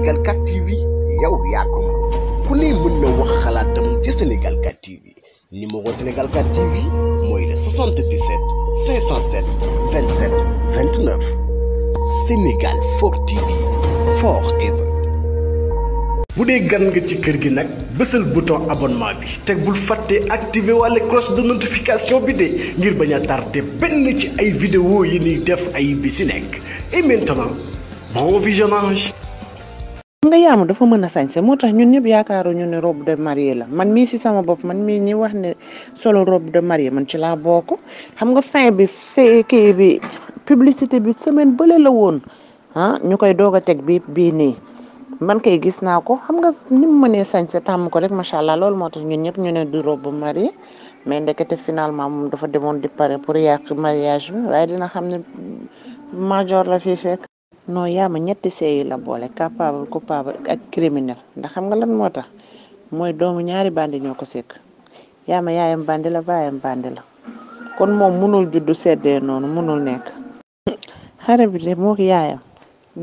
Sénégal 4 TV yow yaa ko ku ne mën na wax xalaatam ci Sénégal 4 TV numéro Sénégal 4 TV moy le 77 507 27 29 Sénégal 4 TV forever. Vous voulez gan nga ci kër gi nag bouton abonnement bi te bul fàtte la cloche de notification bi ne ngir bañ tardé ci ay vidéo yi ni def ay et maintenant bon visionnage. nga yaamu dafa mën a sañse moo tax ñun ñëpp yaakaaru ñu ne robe de mariée la man mii si sama bopp man mii ñi wax ne solo robe de marie man ci laa bokk xam nga fin bi kii bi publicité bi semaine bële la woon ah ñu koy doog a teg bi bii nii man kay gis naa ko xam nga ni mu mënee sañse tàmm ko rek macha allah lool moo tax ñun ñëpp ñu ne du robe de mariée mais ndekete finalement moom dafa demoon di pare pour yàq mariage bi waaye dina xam ne major la fii fekk non yaa ma ñetti seeyi la boole capable coupable ak criminel ndax xam nga lan moo tax mooy doomu ñaari bandi ñoo ko sekk yaa ma yaayam bandi la baayam bandi la kon moom mënul juddu sedde noonu mënul nekk. xare bi de mook yaayam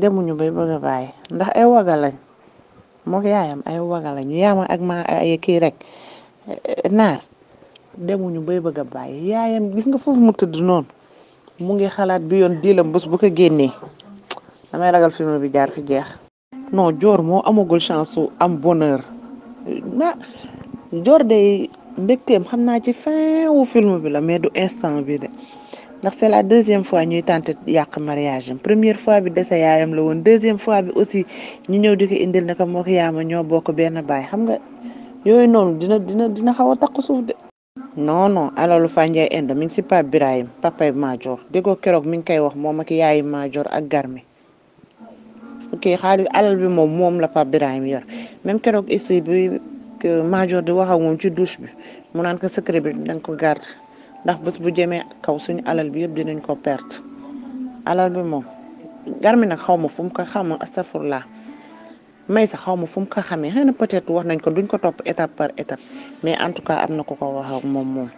demuñu bay ndax ay waga yaayam ay waga lañ ak ma kii rek naar demuñu bay bëgg a bàyyi yaayam gis nga foofu mu tëdd noonu mu ngi xalaat bi yoon diilam bés bu ko génnee. damay ragal film bi jaar fi jeex. non Dior moo amagul chance su am bonheur. ah Dior day mbégteem xam naa ci fin wu film bi la mais du instant bi de ndax c'est la deuxième fois ñuy tenté yàq mariage am première fois bi dese yaayam la woon deuxième fois bi aussi ñu ñëw di ko indil naka moo ko a ñoo bokk benn baay xam nga yooyu noonu dina dina dina xaw a takku suuf de. no non alalu Fandiaye Inde mi ngi si Pape Birahim papay Madior déggoo keroog mi ngi koy wax moom ak yaayu Madior ak Garmi. kii xaalis alal bi moom moom la Pape Birahim yor même keroog istri bi Madior di wax ak moom ci douche bi mu naan ko secret bi dañ ko garde ndax bés bu jëmee kaw suñu alal bi yëpp di dinañ ko perte alal bi moom Garmi nag xaw ma fu mu ko xam astafurlah may sa xaw ma fu mu ko xamee xëy na peut-être wax nañ ko duñ ko topp étape par étape mais en tout cas am na ko ko wax moom moom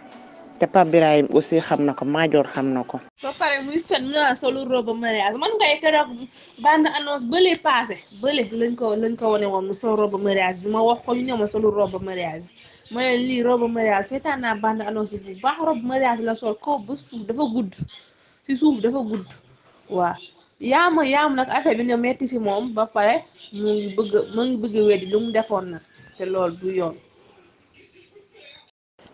te Pape aussi xam na ko Madior xam na ko. ba pare muy set mu naan solu a mariage man ngay keroog bande annonce bële paase bële lañ ko lañ ko wane woon mu sol robe mariage bi ma wax ko ñu ne ma solu mariage ma ne lii robe mariage seetaan naa bande annonce bi bu baax robe mariage la sol ko ba suuf dafa gudd ci suuf dafa gudd waa yaama yaam nag affaire bi ne metti si moom ba pare mu ngi bëgg mu ngi bëgg weddi lu mu defoon na te lool du yoon.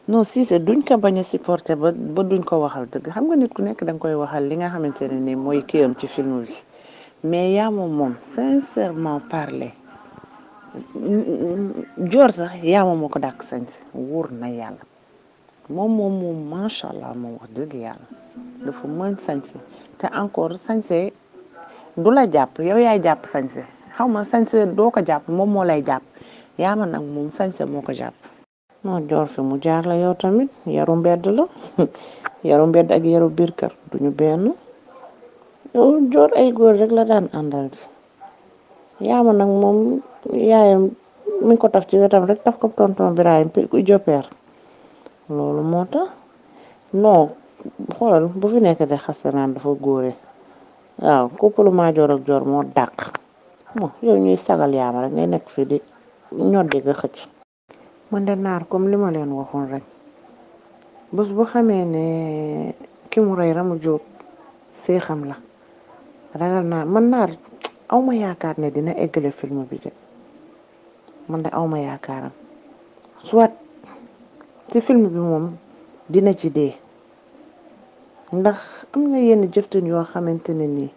non Cissé duñ ko bañ a ba duñ ko waxal dëgg xam nga nit ku nekk da koy waxal li nga xamante ne nii mooy kéyam ci film bi mais yaa moom moom sincèrement parler joor sax yaa moom moo ko dàq sañs wóor na yàlla moom moom macha allah moom wax dëgg yàlla dafa mën sañse te encore sañse du la jàpp yow yaay jàpp sañse xaw ma sañse doo ko jàpp moom moo lay jàpp yaa nag moom sañse moo ko jàpp non joor fi mu jaar la yow tamit yaru mbedd la yaru mbedd ak yaru biir du ñu benn joor ay góor rek la daan àndal yaama nag moom yaayam mi ko taf ci wetam rek taf ko tonton Birahim ku joppeer loolu moo tax non xoolal bu fi nekk de xaste naan dafa góore waaw couple Madior ak Dior moo dàq bon yow ñuy sagal yaama rek ngay nekk fii di ñoddi nga xëcc mën da naar comme li ma leen waxoon rek bés bu xamee ne ki mu rey ramu jóob seexam la ragal naa man naar awma yaakaar ne dina eggale film bi de man de awma yaakaaram soit ci film bi moom dina ci dee ndax am na yenn jëftin yoo xamante ne nii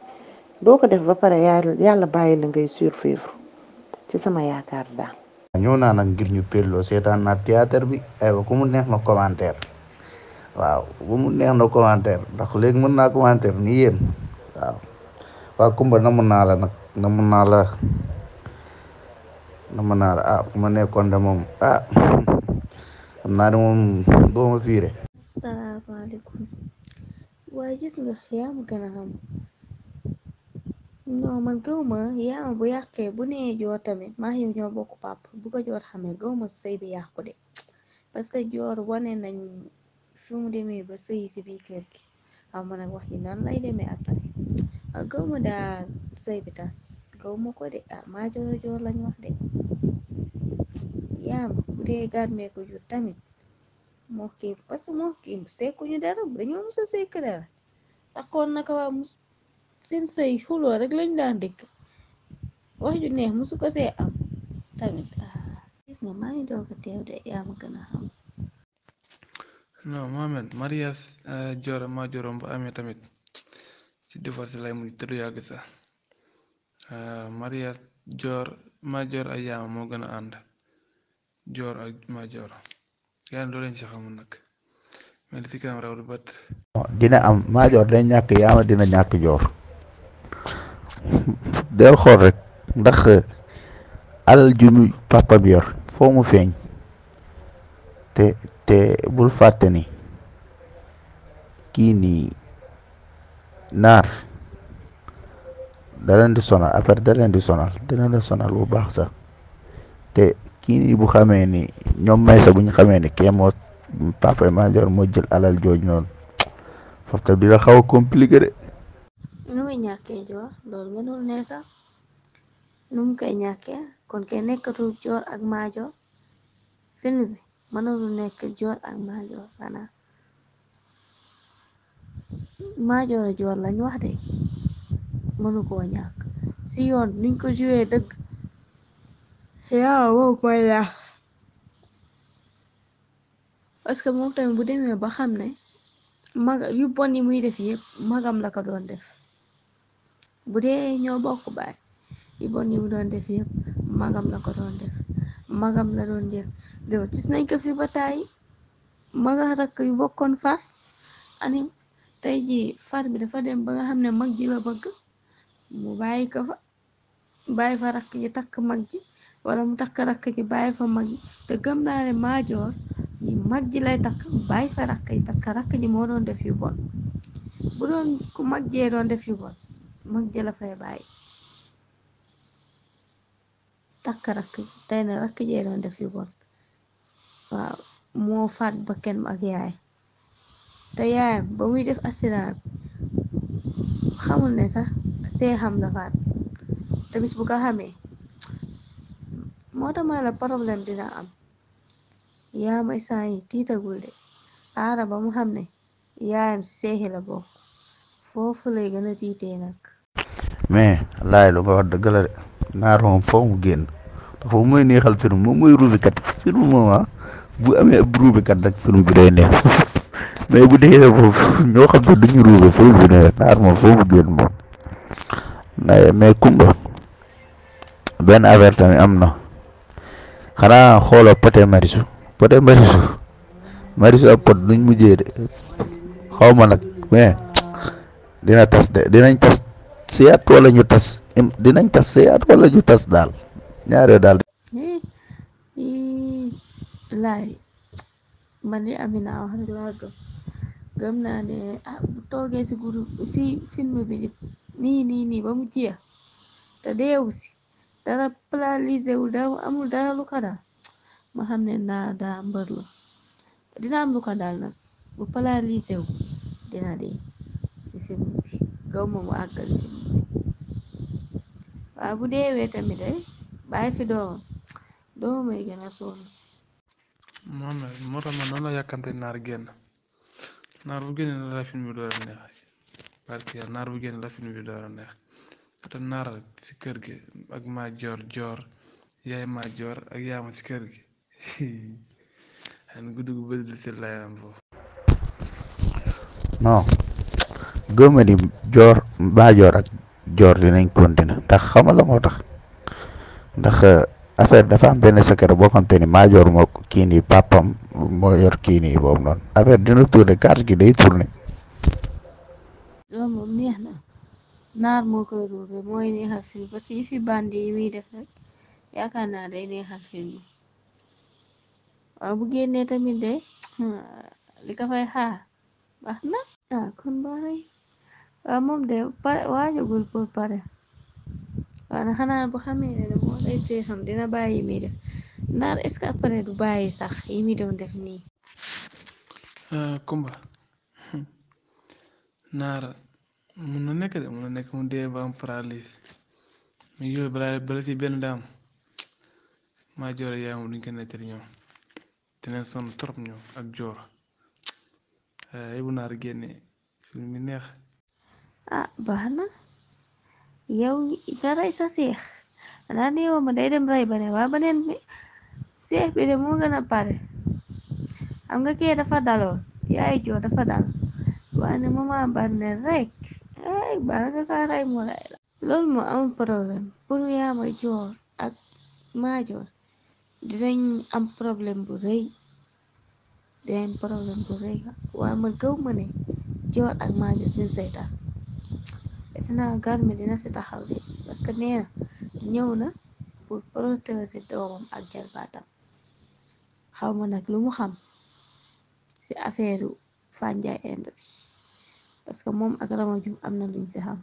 doo ko def ba pare yàlla bàyyi la ngay survivre ci sama yaakaar daal ñëw naa nag ngir ñu Pirlo seetaan naa théâtre bi aywa ku mu neex na commentaire waaw ku mu neex na commentaire ndax léegi mën naa commentaire nii yéen waaw waa Kumba namu naa la nag namu naa la namu naa la ah fu ma nekkoon de moom ah xam naa ne dooma fiire salaamaaleykum waaye gis nga yaa ma gën non man gëwma yaa ma bu yàqee bu nee joor tamit maa ngi ñoo bokk pàpp bu ko joor xamee gëwma sëy bi yàqu de parce que joor wane nañ fi mu demee ba sëy si biir kër gi xam ma wax ji nan lay demee après gëwma daal sëy bi tas gëwma ko de ah joor lañ wax de yaa ma bu dee gàdmee ko jur tamit moo ki parce que moo kii sekkuñu dara dañoo mos a sekk dara taxoon naka waa seen sëy xuloo rek lañ daan dëkk wax ju neex musu ko see am tamit ah, gis nga maa ngi doog a teew de yaa ma gën a xam non Mohamed mariage eh, joro ma jorom bu amee tamit sax eh, mariage joor ma joor moo gën a ànd joor ak ma joor yaa ngi leen si xamul nag mais li kanam raw du bët dina am maajoor dina ñàkk yaama dina ñàkk joor del xool rek ndax euh, alal ju mu pàppam foo mu feeñ te te bul fàtte ni kii nii naar da di sonal après da di sonal dina leen sonal bu baax sax te kii nii bu xamee ni ñoom may sa bu xamee ni kee moo papa moo jël alal jooj noonu foofu tam dina xaw a muy ñàkkee joor loolu mënul ne sax nu mu koy ñàkkee kon kay nekkatul joor ak maajoor film bi mënul nekk joor ak maajoor xanaa maajoor a joor lañ wax de mënu koo si yoon niñ ko joué dëgg yaa wow mooy yaa parce que moom tamit bu demee ba xam ne mag yu bon yi muy def yëpp magam la ko doon def bu dee ñoo bokk baay ibon yi mu doon def yëpp magam la ko doon def magam la doon jël def gis nañ ko fi ba taay maga rakk yu bokkoon far anim tey jii far bi dafa dem ba nga xam ne mag ji la bëgg mu bàyyi ko fa bàyyi fa rakk ji takk mag ji wala mu takk rakk ji bàyyi fa mag ji te gëm naa ne maajoor mag ji lay takk bàyyi fa rakk yi parce que rakk ji moo doon def yu bon bu doon ku mag jee doon def yu bon mag jëla fay bàyyi takk rakk tey na rakk jee doon def yu bon waaw moo faat ba kenn ak yaay te yaayam ba muy def accident bi xamul ne sax seexam xam la faat te bis bu ko xamee moo tax ma la problème dina am yaa may saa yi tiitagul de aara ba mu xam ne yaayam si la bokk foofu lay gën a tiitee nag mais laay lu nga wax dëgg de naar moom foo mu génn dafa mooy neexal film moom mooy ruubikat film moom ah, bu amee day neex mais bu dee foofu ñoo xam ne duñu ruube film bi neex naar moom foo mu génn moom mais kumba benn affaire tamit am na xanaa xooloo poté marisu poté marisu marisu ak pot duñ mujjee de xaw ma nag mais dina tas de dinañ tas seyaat wala ñu tas dinañ tas seyaat wala ñu tas daal ñaaree daal laay man li Amina wax rek laa gëm gëm naa ne ah bu si si film bi nii nii nii ba mu jeex te deewu si dara paralysé wul dara amul daal ma xam ne naa daa mbër dina am lu daal nag bu paralysé wul dina dee si film bi gawma mu àggal fi waaye bu deewee tamit day bàyyi fi doomam doomamay gën a sonn moom la moo tax man noonu la yàkkamte naar génn naar bu génne la film bi door a neex parce que naar bu génne la film bi door a neex kër gi ak maa joor yaay maa ak yaa ma si kër gi xam nga gu bëri si laayam foofu gëma ni joor baajoor ak joor dinañ continuer ndax xama la moo tax ndax euh, affaire dafa am benn secret boo xamante ni maajoor moo kii papam moo yor kii nii boobu noonu affaire dina tourner carte gi day tourner. naar moo koy ruube mooy neexal film parce que yi fi bandi yi def rek yaakaar naa day neexal film waaw bu génnee tamit de hmm, li fay xaar baax na ah, kon baax moom de pare waajagul pour pare waaw na xanaa bu xamee ne moo lay seexam dina bàyyi yi muy def ndaar est-ce que après du bàyyi sax yi muy doon def nii kumba naar mun na nekk de mun na nekk mu dee ba am paralyse mu yooyu balaa benn daam maa joor yaay moom duñ ko nettali ñoom dina sonn trop ñoom ak joor yóbbu naar génne film mi neex ah baax na yow sa seex xanaa ne yow ma day dem rey ba ne waa beneen bi seex bi de moo gën a pare xam nga kee dafa daloon yaay joo dafa dal waaye mama Bandeh rek ay bala nga kaa rey mu rey loolu moo amul problème pour yaa ma joor ak maa joor dinañ am problème bu rëy dinañ problème bu rëy waaye man gaw ma joor ak maa joor seen defe naa garmi taxaw de parce que nee ñëw na pour protéger doomam ak jarbaatam xaw ma nag lumu xam ci affaire fànjaay indo bi parce que moom ak Rama Jum am na luñ ci xam